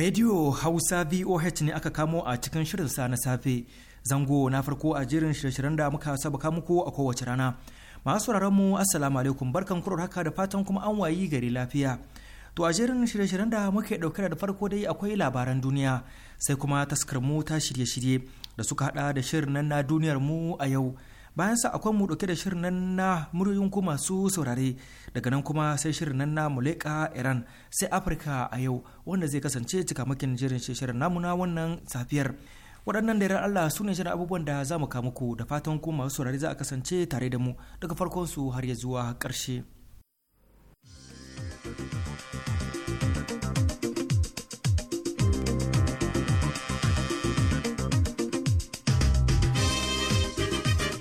Radio Hausa VOH ne aka kamo a cikin shirin sa na safe. Zango na farko a jerin shirye-shiryen da muka sabaka muku a kowace rana. Masu mu Assalamu alaikum barkan kurar haka da fatan kuma an wayi gari lafiya. To a jerin shirye-shiryen da muke ɗauke da farko dai akwai labaran duniya sai kuma taskar mu ta shirye-shirye da suka hada da shirin nan na duniyar mu a yau. bayan sa akwai mu dauke da shirin nan na muryoyin ku masu saurare daga nan kuma sai shirin nan na muleka iran sai afirka a yau wanda zai kasance cikamakin jirin shirin namu na wannan safiyar waɗannan da Allah su ne shirin abubuwan da za mu kamuku da fatan ku masu saurare za a kasance tare da mu daga farkon su har ya zuwa ƙarshe.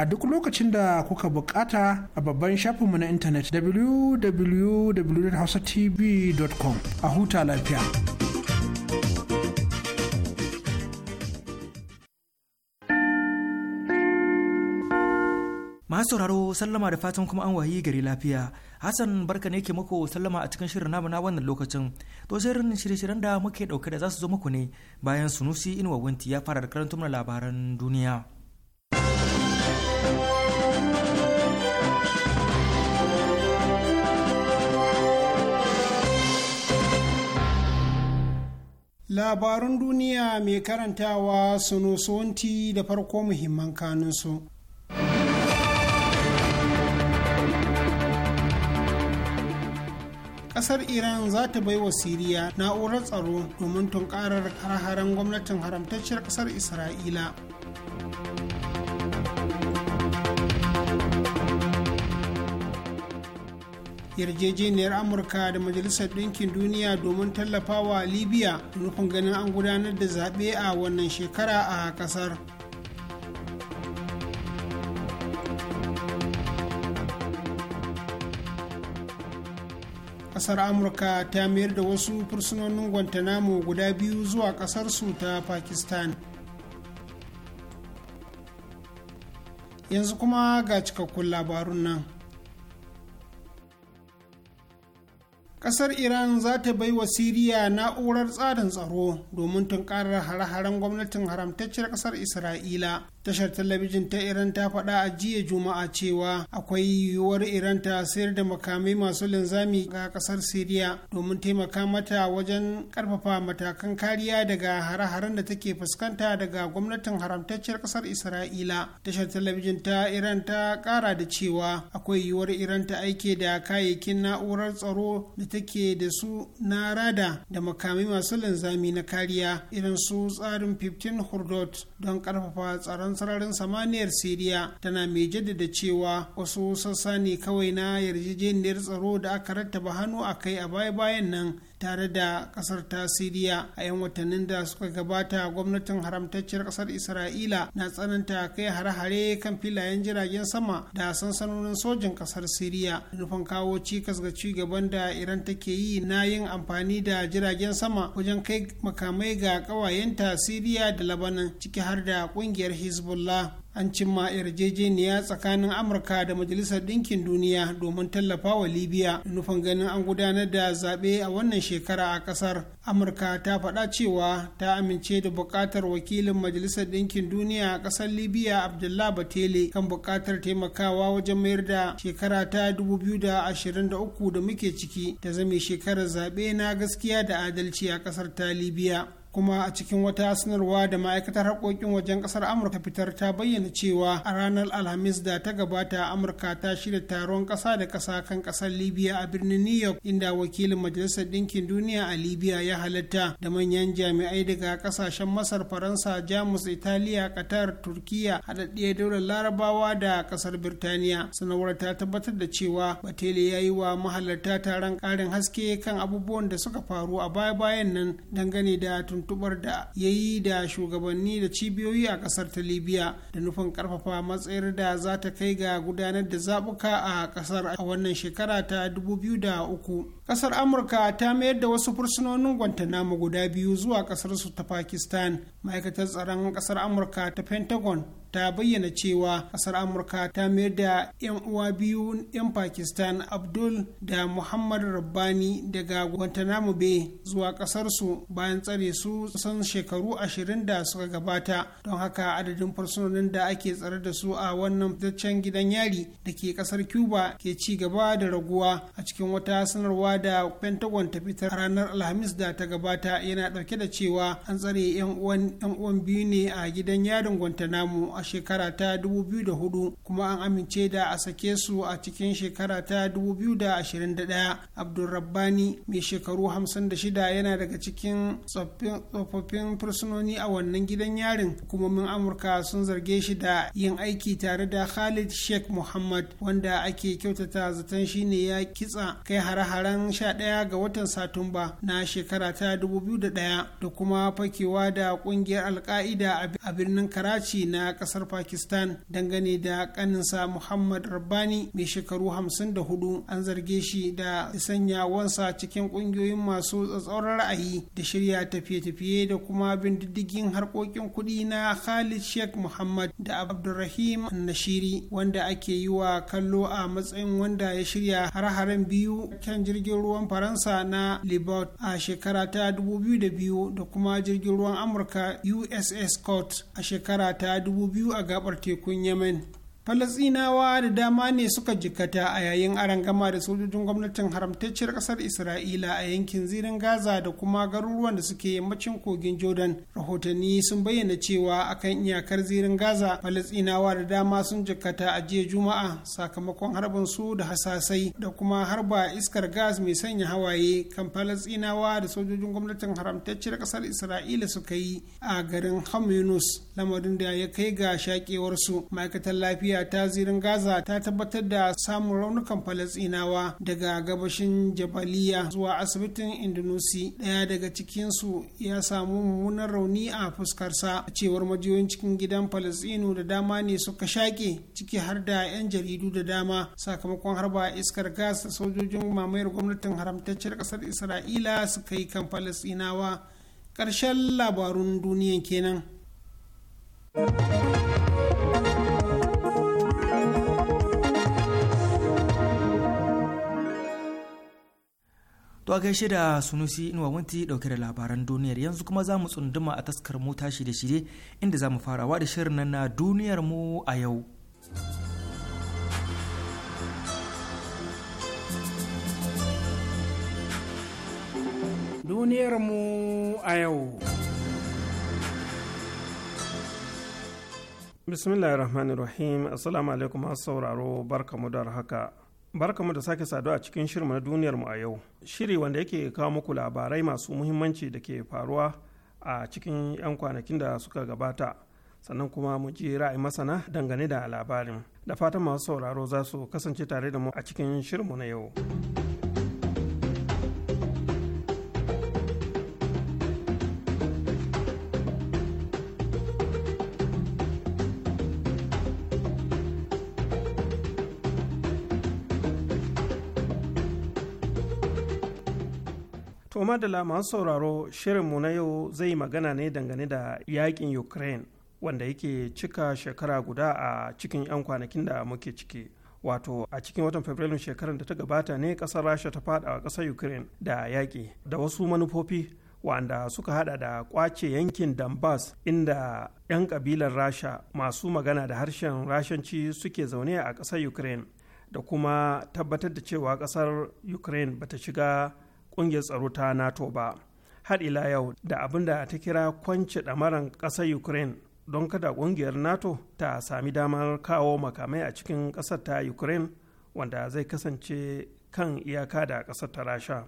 a duk lokacin da kuka bukata a babban shafinmu na intanet www.hausatv.com a huta lafiya. Masu sauraro sallama da fatan kuma an wayi gari lafiya. Hassan barka ne ke muku sallama a cikin shirin namu na wannan lokacin. To shirin shirye-shiryen da muke dauke da za su zo muku ne bayan Sunusi Inuwa Winti ya fara da karantar labaran duniya. labarun duniya mai karantawa suno suwanti da farko muhimman kanunsu kasar iran za ta bai wa siriya na'urar tsaro domin tunkarar har-haren gwamnatin haramtacciyar kasar isra'ila yarjejeniyar amurka da majalisar ɗinkin duniya domin tallafawa libya nufin ganin an gudanar da zaɓe a wannan shekara a ƙasar Ƙasar amurka ta mayar da wasu fursunonin guantanamo guda biyu zuwa ƙasarsu ta pakistan yanzu kuma ga cikakkun labarun nan kasar iran za ta bai wa siriya na'urar tsarin tsaro domin tunkarar hare-haren gwamnatin haramtacciyar kasar isra'ila tashar talabijin ta iran ta faɗa a jiya juma'a cewa akwai yiwuwar iran ta sayar da makamai masu linzami ga kasar siriya domin taimaka mata wajen karfafa matakan kariya daga hare-haren da take fuskanta daga gwamnatin haramtacciyar kasar isra'ila tashar talabijin ta iran ta ƙara da cewa akwai yiwuwar iran ta aike da kayayyakin na'urar tsaro da take da su na rada da makamai masu linzami na kariya irin su tsarin 15 hurdot don karfafa tsaron sararin samaniyar siriya tana mai jaddada cewa wasu sassa ne kawai na yarjejeniyar tsaro da aka rattaba hannu a kai a baya-bayan nan tare da kasar ta siriya a 'yan watannin da suka gabata gwamnatin haramtacciyar kasar isra'ila na tsananta kai hare-hare kan filayen jiragen sama da sansanonin sojin kasar siriya nufin kawo cikas ga ci gaban da iran take yi na yin amfani da jiragen sama wajen kai makamai ga kawayenta siriya da labanan ciki har da kungiyar hezbollah an cimma yarjejeniya tsakanin amurka da majalisar ɗinkin duniya domin tallafa wa libya nufin ganin an gudanar da zaɓe a wannan shekara a ƙasar amurka ta faɗa cewa ta amince da buƙatar wakilin majalisar ɗinkin duniya a ƙasar libya abdullah batele kan buƙatar taimakawa wajen mayar da shekara ta 2023 da muke ciki ta zame shekarar zaɓe na gaskiya da adalci a ƙasar ta libya kuma a cikin wata sanarwa da ma'aikatar harkokin wajen kasar amurka fitar ta bayyana cewa a ranar alhamis da ta gabata amurka ta shirya taron kasa da kasa kan kasar libya a birnin new york inda wakilin majalisar ɗinkin duniya a libya ya halatta da manyan jami'ai daga kasashen masar faransa jamus italiya qatar turkiya haɗaɗɗiyar daular larabawa da kasar birtaniya sanarwar ta tabbatar da cewa batele ya yi wa mahalarta taron ƙarin haske kan abubuwan da suka faru a baya-bayan nan dangane da tun tuntubar da ya yi da shugabanni da cibiyoyi a kasar ta libya da nufin karfafa matsayar da za ta kai ga gudanar da zabuka a kasar a wannan shekara ta 2003 kasar amurka ta mayar da wasu fursunonin guantanamo guda biyu zuwa kasar su ta pakistan ma'aikatar tsaron kasar amurka ta pentagon ta bayyana cewa kasar amurka ta mayar da 'yan uwa biyu 'yan pakistan abdul da muhammad rabbani daga guantanamo bay zuwa kasarsu bayan tsare su san shekaru ashirin da suka gabata don haka adadin fursunonin da ake tsare da su a wannan fitaccen gidan yari da ke kasar cuba ke ci gaba da raguwa a cikin wata sanarwa da pentagon ta fitar ranar alhamis da ta gabata yana dauke da cewa an tsare 'yan uwan biyu ne a gidan yarin guantanamo a shekara ta 2004 kuma an amince da a sake su a cikin shekara ta 2021 abdulrabbani mai shekaru 56 yana daga cikin tsofaffin fursunoni a wannan gidan yarin hukumomin amurka sun zarge shi da yin aiki tare da khalid sheikh muhammad wanda ake kyautata zaton shine ya kitsa kai hare-haren 11 ga watan satumba na shekara ta 2001 da kuma fakewa da kungiyar alka'ida a birnin karachi na kasar pakistan dangane da kaninsa muhammad rabbani mai shekaru 54 an zarge shi da sanya wansa cikin kungiyoyin masu tsatsauran ra'ayi da shirya tafiye-tafiye da kuma bin diddigin harkokin kuɗi na khalid sheikh muhammad da abdulrahim nashiri wanda ake yi wa kallo a matsayin wanda ya shirya har-haren biyu kan jirgin ruwan faransa na libot a shekara ta 2002 da kuma jirgin ruwan amurka uss scott a shekara ta 2002. biyu a gabar tekun yemen falasinawa da dama ne suka jikkata a yayin arangama da sojojin gwamnatin haramtacciyar kasar isra'ila a yankin zirin gaza da kuma garuruwan da suke yammacin kogin jordan rahotanni sun bayyana cewa akan iyakar zirin gaza falasinawa da dama sun jikkata a jiya juma'a sakamakon harbin su da hasasai da kuma harba iskar gas mai sanya hawaye kan falasinawa da sojojin gwamnatin haramtacciyar kasar isra'ila suka yi a garin hamunus lamarin da ya kai ga shakewarsu ma'aikatar lafiya ta zirin gaza ta tabbatar da samun raunukan falasinawa daga gabashin jabaliya zuwa asibitin indonesia daya daga cikinsu ya samu mummunan rauni a fuskarsa a cewar majiyoyin cikin gidan falasinu da dama ne suka shaƙe ciki har da 'yan jaridu da dama sakamakon harba iskar gas da sojojin mamayar gwamnatin haramtacciyar ƙasar isra'ila suka yi kan falasinawa karshen labarun duniyan kenan. To a gaishe da Sunusi Inuwa Wanti dauke da labaran duniyar yanzu kuma za mu tsunduma a taskar mota tashi da shirye inda za mu farawa da shirin nan na duniyar mu a yau. Duniyar mu a yau. bismillahir rahmanir rahim assalamu alaikum masu sauraro barkamu da haka barkamu da sake saduwa a cikin shirin na duniyar mu a yau shiri wanda yake kawo muku labarai masu muhimmanci da ke faruwa a cikin 'yan kwanakin da suka gabata sannan kuma mu ji ra'ayi masana dangane da labarin da fatan masu sauraro za su kasance tare da mu a cikin shirinmu na yau. madala masu sauraro shirinmu na yau zai magana ne dangane da yakin ukraine wanda yake cika shekara guda a cikin 'yan kwanakin da muke ciki wato a cikin watan fabrilun shekarar da ta gabata ne kasar rasha ta fada a kasar ukraine da yaƙi da wasu manufofi wanda suka hada da kwace yankin donbass inda 'yan kabilar rasha masu magana da harshen rashanci suke zaune a ƙasar ukraine da kuma tabbatar da cewa ƙasar ukraine bata shiga ƙungiyar tsaro ta nato ba har ila yau da abin da ta kira kwance ɗamaran ƙasar ukraine don kada ƙungiyar nato ta sami damar kawo makamai a cikin ƙasar ta ukraine wanda zai kasance kan iyaka da ƙasar ta rasha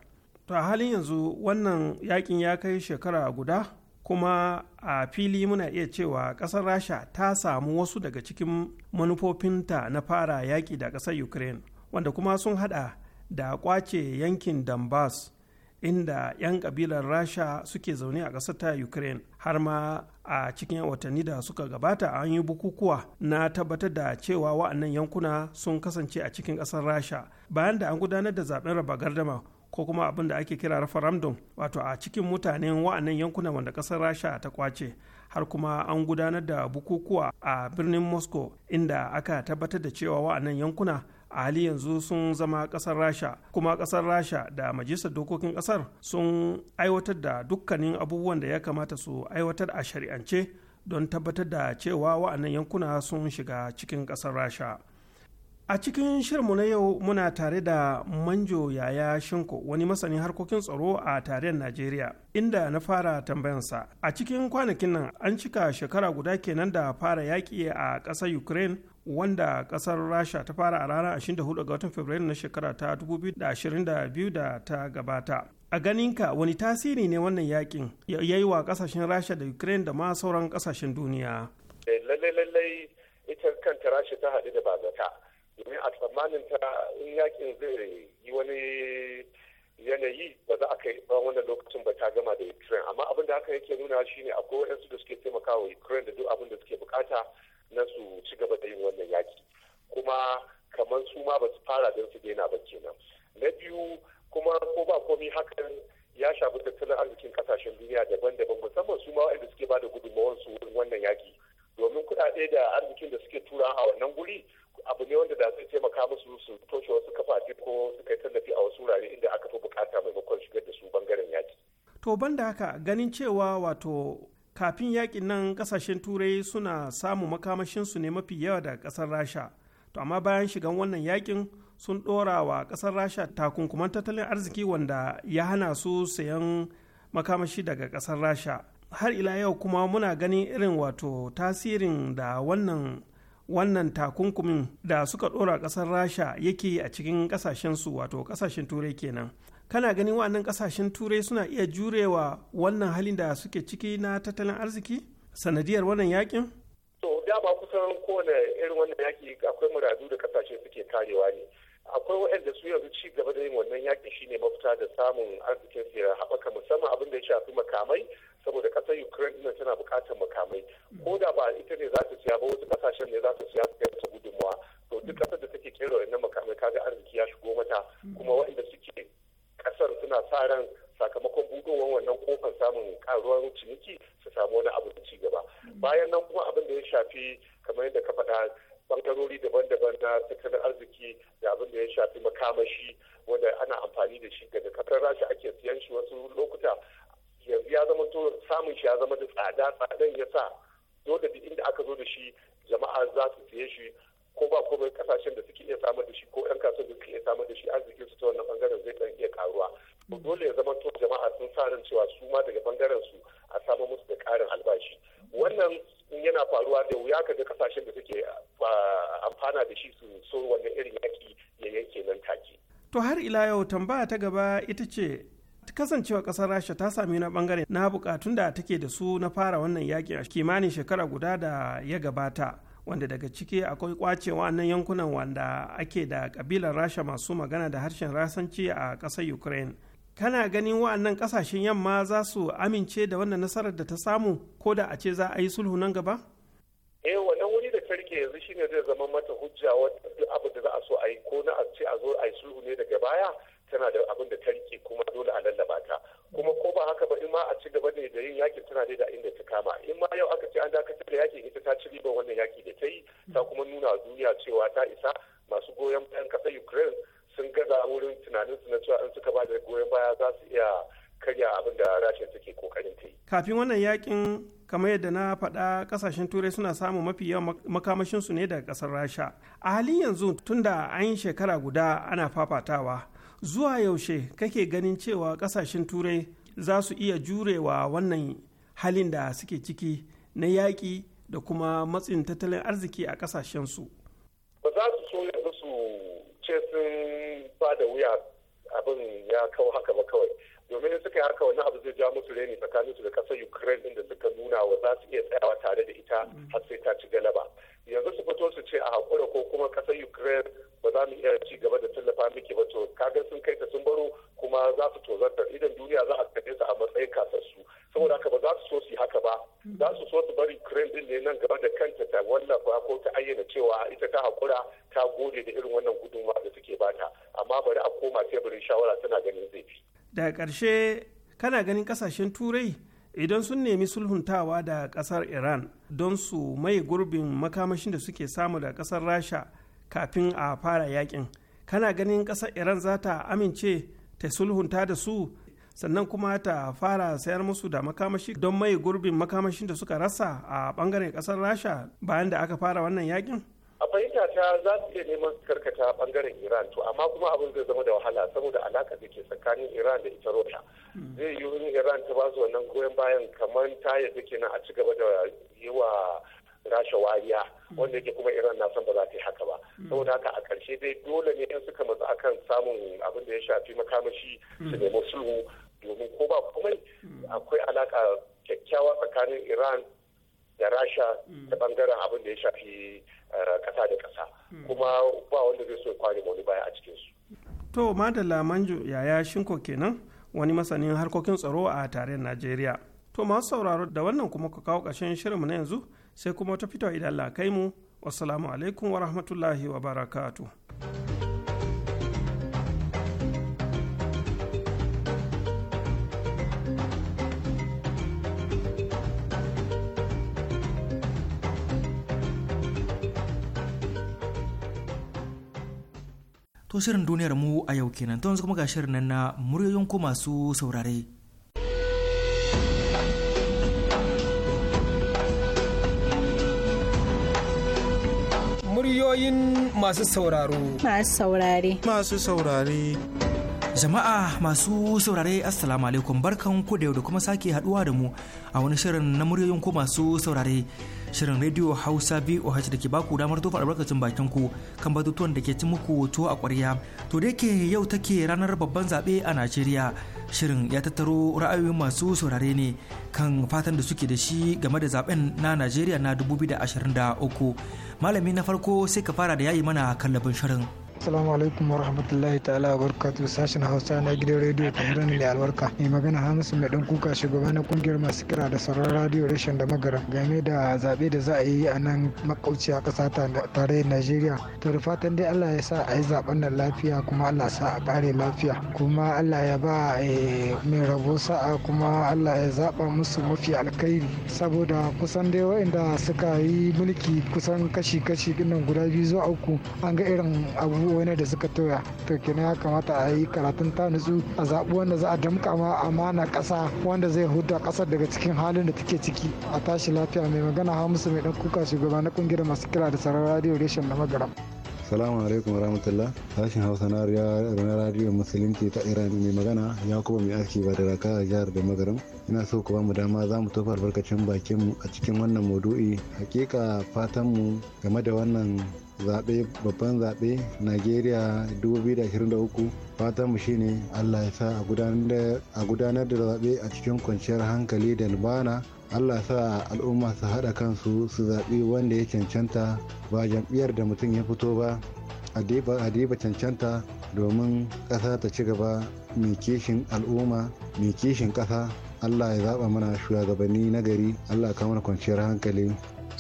to a halin yanzu wannan yakin ya kai shekara guda kuma a fili muna iya cewa ƙasar rasha ta samu wasu daga cikin manufofinta na fara yaƙi da ƙasar ukraine wanda kuma sun hada da kwace yankin Donbass inda 'yan kabilar Rasha suke zaune a ƙasar ta Ukraine har ma a cikin watanni da suka gabata an yi bukukuwa na tabbatar da cewa wa'annan yankuna sun kasance a cikin ƙasar Rasha bayan da an gudanar da zaben raba gardama ko kuma abin da ake kira referendum wato a cikin mutanen wa'annan yankuna wanda kasar Rasha ta kwace har kuma an gudanar da bukukuwa a birnin Moscow inda aka tabbatar da cewa wa'annan yankuna a hali yanzu sun zama kasar rasha kuma kasar rasha da majalisar dokokin kasar sun aiwatar da dukkanin abubuwan da ya kamata su aiwatar a shari'ance don tabbatar da cewa wa'annan yankuna sun shiga cikin kasar rasha a cikin shirmu na yau muna tare da manjo yaya shinko wani masanin harkokin tsaro a tarayyar najeriya inda na fara tambayansa a cikin kwanakin nan an cika shekara guda kenan da fara yaƙi a ƙasar ukraine wanda kasar rasha ta fara a ranar 24 ga watan fabrairu na shekara ta 2022 da ta gabata a ganinka wani tasiri ne wannan yakin ya yi wa kasashen rasha da ukraine da ma sauran kasashen duniya eh, lallai-lallai ita kanta rasha ta haɗu da bazata domin a tsammanin ta in yakin zai yi wani yanayi ba za a kai tsawon wannan lokacin ba ta gama da ukraine amma abin da haka yake nuna shine akwai waɗansu da suke taimakawa ukraine da duk abin da suke bukata na su ci gaba da yin wannan yaki kuma kamar su ma ba su fara don su daina ba kenan na biyu kuma ko ba komi hakan ya shafi tattalin arzikin kasashen duniya daban-daban musamman su ma waɗanda suke bada gudunmawar su wurin wannan yaki domin kuɗaɗe da arzikin da suke tura a wannan guri abu ne wanda da zai taimaka musu su toshe wasu kafafi ko su kai tallafi a wasu wurare inda aka fi bukata maimakon shigar da su bangaren yaki. to banda haka ganin cewa wato kafin yakin nan kasashen turai suna samun makamashinsu ne mafi yawa daga kasar rasha to amma bayan shigan wannan yakin sun ɗora wa kasar rasha takunkuman tattalin arziki wanda ya hana su sayan makamashi daga kasar rasha har ila yau kuma muna ganin irin wato tasirin da wannan wannan takunkumin da suka ɗora ƙasar rasha yake a cikin su wato ƙasashen turai kenan kana ganin wa'annan kasashen turai suna iya jurewa wannan halin da suke ciki na tattalin arziki sanadiyar wannan yakin to da ba kusan kowane irin wannan yaki akwai muradu da kasashe suke karewa ne akwai waɗanda su yanzu ci gaba da yin wannan yakin shine mafita da samun arzikin su ya haɓaka musamman abin da ya shafi makamai saboda ƙasar ukraine ɗin tana buƙatar makamai ko da ba ita ne za ta siya ba wasu ƙasashen ne za su siya su kai gudunmawa to duk ƙasar da take kera wannan makamai kaga arziki ya shigo mata kuma waɗanda suke kasar suna sa ran sakamakon budowar wannan kofar samun karuwar ciniki su samu wani abu da ci gaba bayan nan kuma abin da ya shafi kamar yadda ka faɗa bangarori daban-daban na tattalin arziki da abin da ya shafi makamashi wanda ana amfani da shi daga kasar rasha ake siyan shi wasu lokuta yanzu ya zama to samun shi ya zama da tsada tsadan ya sa dole duk inda aka zo da shi jama'a za su siye shi ko ba komai kasashen da suke iya samar da shi ko yan kasuwa da suke iya samar da shi arzikin su ta wannan bangaren zai kan iya karuwa to dole ya zama to jama'a sun sa ran cewa su ma daga bangaren su a samu musu da karin albashi wannan yana faruwa da wuya ka ga kasashen da suke amfana da shi su so wannan irin yaki ya yanke nan take to har ila yau tambaya ta gaba ita ce kasancewa kasar rasha ta sami na bangare na bukatun da take da su na fara wannan yakin a kimanin shekara guda da ya gabata wanda daga ciki akwai kwace wa'annan yankunan wanda ake da kabilar rasha masu magana da harshen rasanci a ƙasar ukraine kana ganin wa'annan ƙasashen yamma za su amince da wannan nasarar da ta samu ko da a ce za a yi sulhu nan gaba eh wannan wuri da ta rike yanzu shine zai zama mata hujja wata abu da za a so a yi ko na a ce a zo a yi sulhu ne daga baya tana da abin da ta kuma dole a lallaba ta kuma ko ba haka ba in ma a ci gaba da yin yakin tana da inda ta kama in ma yau aka ce an dakatar da yakin ita ta ci ribar wannan yaki da ta yi ta kuma nuna wa duniya cewa ta isa masu goyon bayan kasar ukraine sun gaza wurin tunanin su na cewa in suka ba da goyon baya za su iya karya abin da rashin take kokarin ta yi kafin wannan yakin kamar yadda na faɗa kasashen turai suna samun mafi yawan makamashinsu ne daga kasar rasha a halin yanzu tunda an yi shekara guda ana fafatawa zuwa yaushe kake ganin cewa kasashen turai za su iya jurewa wannan halin da suke ciki na yaƙi da kuma matsin tattalin arziki a kasashensu ba za su so yanzu su ce sun fada wuya abin ya kawo haka ba kawai domin suka yi haka wani abu zai ja musu reni tsakanin su da kasar ukraine inda suka nuna wa za su iya tsayawa tare da ita har sai ta ci galaba yanzu su fito su ce a hakura ko kuma kasar ukraine ba za mu iya ci gaba da da ƙarshe kana ganin ƙasashen turai idan sun nemi sulhuntawa da ƙasar iran don su mai gurbin makamashin da suke samu da ƙasar rasha kafin a fara yakin kana ganin ƙasar iran za ta amince ta sulhunta da su sannan kuma ta fara sayar musu da makamashi don mai gurbin makamashin da suka rasa a bangaren ƙasar rasha bayan da aka fara wannan yakin a fahimta ta za su iya neman karkata bangaren iran to amma kuma abin zai zama da wahala saboda alaka da ke tsakanin iran da ita rota hmm. zai yi wurin iran ta ba su wannan goyon bayan kamar ta yadda nan a ci gaba da yi wa rasha wariya hmm. wanda yake kuma iran na san ba za ta yi haka ba hmm. saboda haka a ƙarshe dai dole ne in suka matsu akan samun abin da ya shafi makamashi su nemi sulhu domin ko ba komai akwai alaka kyakkyawa tsakanin iran da rasha ta bangaren abin da ya shafi Eh, kasa da kasa hmm. kuma ba wanda zai so ya kware wani baya a cikin su to madalla manjo yaya shinko kenan wani masanin harkokin tsaro a tare najeriya to masu sauraro da wannan kuma ka kawo ƙarshen shirinmu na yanzu sai kuma ta fito idan Allah kai mu wassalamu alaikum wa rahmatullahi wa barakatuh To shirin duniyar mu a yau kenan to yanzu kuma ga shirin nan na muryoyin ku masu saurare. Muryoyin masu sauraro. Masu saurare. Masu saurare. Jama'a masu saurare Assalamu alaikum barkan ku da yau da kuma sake haduwa da mu a wani shirin na muryoyin ku masu saurare. shirin rediyo hausa voh da ke baku damar tofa albarkacin bakin ku kan batutuwan da ke ci muku tuwo a kwarya to da yake yau take ranar babban zaɓe a najeriya shirin ya tattaro ra'ayoyin masu saurare ne kan fatan da suke da shi game da zaben na najeriya na 2023 malami na farko sai ka fara da yayi mana kallabin shirin Assalamu alaikum wa rahmatullahi ta'ala wa barakatuhu sashen Hausa na gidan rediyo ne mai albarka. Mai magana Hamisu mai dan kuka shugaba na kungiyar masu kira da sauran radiyo rashin da magara game da zaɓe da za a yi a nan makauci a ƙasa tare Najeriya. To da fatan dai Allah ya sa a yi zaɓen nan lafiya kuma Allah sa a kare lafiya kuma Allah ya ba eh, mai rabo sa'a kuma Allah ya zaba musu mafi alkhairi saboda kusan dai waɗanda suka yi mulki kusan kashi-kashi ɗinnan guda biyu zuwa uku an ga irin abu babu wani da suka toya to kenan ya kamata a yi karatun ta nutsu a zaɓi wanda za a damƙa ma amana ƙasa wanda zai huta ƙasar daga cikin halin da take ciki a tashi lafiya mai magana hamisu mai ɗan kuka shugaba na ƙungiyar masu kira da sauran radio reshen na magaram. Salamu alaikum rahmatullah sashen Hausa na radio Musulunci ta Iran mai magana ya kuma mai aski ba da raka jihar da magaram ina so ku mu dama za mu tofa albarkacin bakin mu a cikin wannan maudu'i hakika fatan mu game da wannan zaɓe babban zaɓe nigeria 2023 fatan mu shine Allah ya sa a gudanar da zaɓe a cikin kwanciyar hankali da lubana Allah ya sa al'umma su haɗa kansu su zaɓi wanda ya cancanta ba jam'iyyar da mutum ya fito ba a diba cancanta domin ƙasa ta ci gaba mai kishin al'umma mai kishin ƙasa Allah ya zaɓa mana shugabanni na gari Allah kamar kwanciyar hankali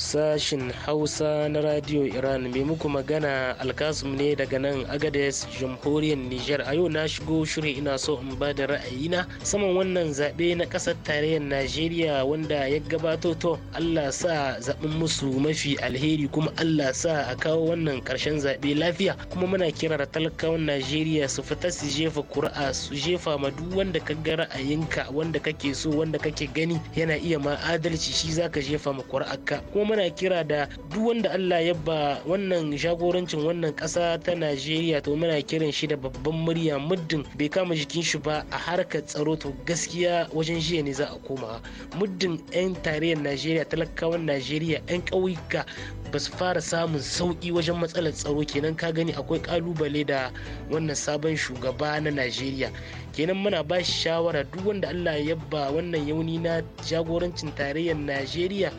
sashin hausa na radio iran mai muku magana alkasum ne daga nan agades jamhuriyar niger a yau na shigo shirin ina so in ba da ra'ayina saman wannan zaɓe na ƙasar tarayyar najeriya wanda ya gabato to allah sa zaɓin musu mafi alheri kuma allah sa a kawo wannan ƙarshen zaɓe lafiya kuma muna kirar talakawan najeriya su fita su jefa kuri'a su jefa ma duk wanda ka ga ra'ayinka wanda kake so wanda kake gani yana iya ma adalci shi zaka jefa ma kuri'a ka kuma muna kira da duk wanda Allah ya ba wannan jagorancin wannan ƙasa ta Najeriya to muna kiran shi da babban murya muddin bai kama jikin shi ba a harkar tsaro to gaskiya wajen jiya ne za a koma muddin 'yan tarayyar Najeriya talakawan Najeriya 'yan ƙauyuka ba su fara samun sauki wajen matsalar tsaro kenan ka gani akwai kalubale da wannan sabon shugaba na Najeriya kenan muna ba shi shawara duk wanda Allah ya ba wannan yauni na jagorancin tarayyar Najeriya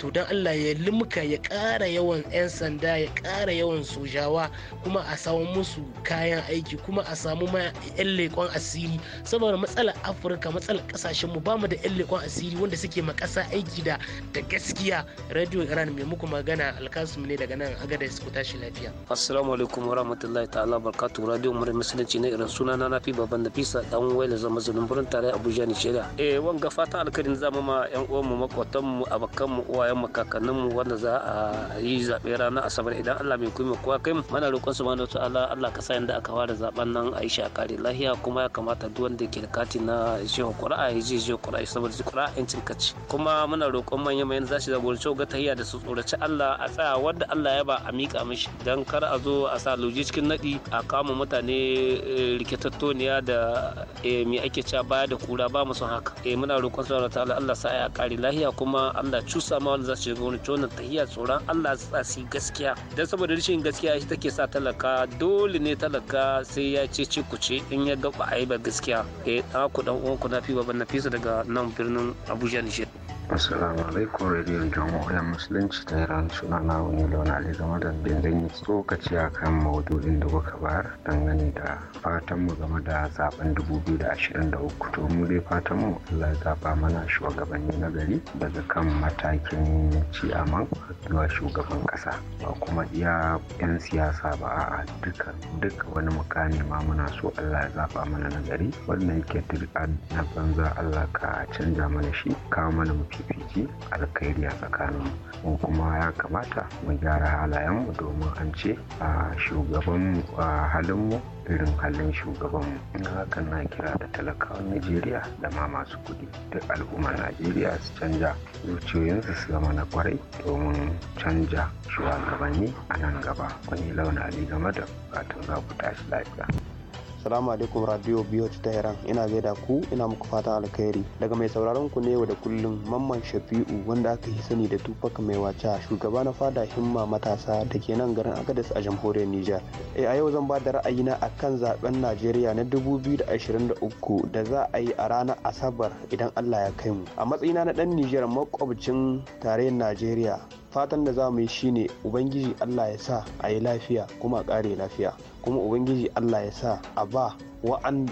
to don allah ya limka ya kara yawan 'yan sanda ya kara yawan sojawa kuma a samu musu kayan aiki kuma a samu ma 'yan leƙon asiri saboda matsalar afirka matsalar ƙasashen mu bamu da 'yan leƙon asiri wanda suke ma ƙasa aiki da da gaskiya radio iran mai muku magana alkasum ne daga nan su ku tashi lafiya assalamu alaikum wa rahmatullahi ta'ala barkatu radio murin musulunci na irin suna na nafi baban da fisa dan waila zama zanen tare abuja nigeria eh wanga fata alkarin zama ma yan uwan mu makwatan mu abakan mu uwaye iyayen mu wanda za a yi zaɓe ranar asabar idan Allah mai kuma kowa kai mu mana roƙon su mana Allah Allah ka sa yanda aka fara zaben nan a yi shi kare lahiya kuma ya kamata duk wanda ke da na jiho ƙura'a ya je jiho ƙura'a saboda ji ƙura'a yancin kaci kuma muna roƙon manyan mayan za shi jagoranci ga tahiya da su tsoraci Allah a tsaya wanda Allah ya ba a miƙa mishi dan kar a zo a sa lauje cikin naɗi a kama mutane eh, rikitattoniya da eh, me ake cewa baya da kura ba mu son haka eh muna roƙon su ta Allah sa ya kare lahiya kuma Allah cusa ma wanda za su shiga ta wannan tsoron Allah su tsasi gaskiya don saboda rashin gaskiya shi take sa talaka dole ne talaka sai ya ce ce ku ce in ya ga ba a yi ba gaskiya eh ku ɗan uwanku na fi baban na daga nan birnin Abuja Nijar Assalamu alaikum jama'a jamhuriyar musulunci ta Iran suna na wani launa ali game da bindin tsokaci a kan maudu'in da kuka bayar dangane da fatanmu game da zaben 2023 to mu dai fatanmu Allah zaba mana shugabanni na gari daga kan matakin ciyaman zuwa shugaban ƙasa. ba kuma iya 'yan siyasa ba a duka duk wani mukami ma muna so Allah ya zaba mana na gari wannan yake na banza Allah ka canja mana shi kawo mana mafi mafifici alkhairi a tsakanin mu kuma ya kamata mu gyara halayenmu domin an ce a shugaban halinmu irin halin shugaban hakan na kira da talakawan najeriya da ma masu kudi duk al'ummar najeriya su canja zuciyoyinsu su zama na kwarai domin canja shugabanni a nan gaba wani launa ne game da bukatun za ku tashi lafiya salamu alaikum radio biyo ta ina gaida ku ina muku fatan alkhairi daga mai sauraron ku ne da kullum mamman shafi'u wanda aka yi sani da tufaka mai wacha shugaba na fada himma matasa da ke nan garin agadis a jamhuriyar niger. Eh, a yau zan ba da ra'ayina akan zaben najeriya na dubu 2023 da za a yi a ranar asabar idan allah ya kai mu a matsayina na dan nijar makwabcin tarayyar najeriya fatan da za mu yi shine ubangiji allah ya sa a yi lafiya kuma a ƙare lafiya kuma ubangiji allah ya sa a ba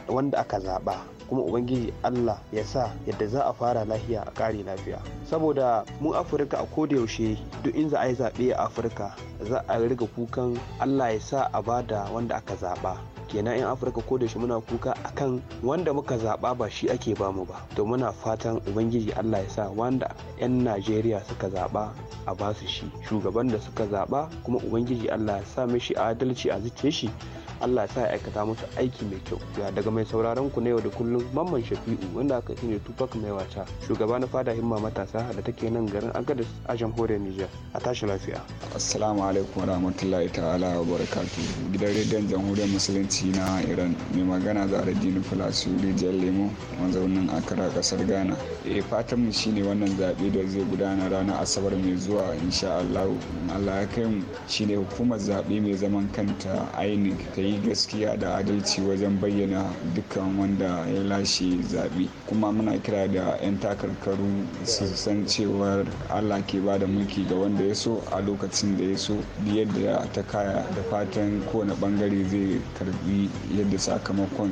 wanda aka zaɓa kuma ubangiji allah ya sa yadda za a fara lafiya a kare lafiya saboda mu afirka a yaushe duk in za a yi zaɓe a afirka za a riga kukan allah ya sa a bada wanda aka zaɓa kenan 'yan afirka ko da shi muna kuka akan wanda muka zaɓa ba shi ake bamu ba to muna fatan ubangiji allah ya sa wanda 'yan najeriya suka zaɓa a ba su shi shugaban da suka zaɓa kuma ubangiji allah ya sa mishi adalci a zuciyar shi Allah ya sa ya aikata musu aiki mai kyau Ya daga mai sauraron ku na yau da kullum mamman shafi'u wanda aka fi tupac mai wata shugaba na fada himma matasa da take nan garin Agadez a jamhuriyar niger a tashi lafiya assalamu alaikum warahmatullahi ta'ala wa barakatu gidan rediyon jamhuriyar musulunci na iran mai magana da aradini falasu rijiyar lemo mazaunin akara kasar ghana Eh, fatan mu shine wannan zaɓe da zai gudana ranar asabar mai zuwa insha Allah. allah ya kai mu shine hukumar zaɓe mai zaman kanta inec ta yi gaskiya da adalci wajen bayyana dukkan wanda ya lashe zaɓe kuma muna kira da 'yan takarkaru su san cewar allah ke ba da mulki ga wanda ya so a lokacin da ya so yadda ta kaya da fatan kowane bangare zai karbi yadda sakamakon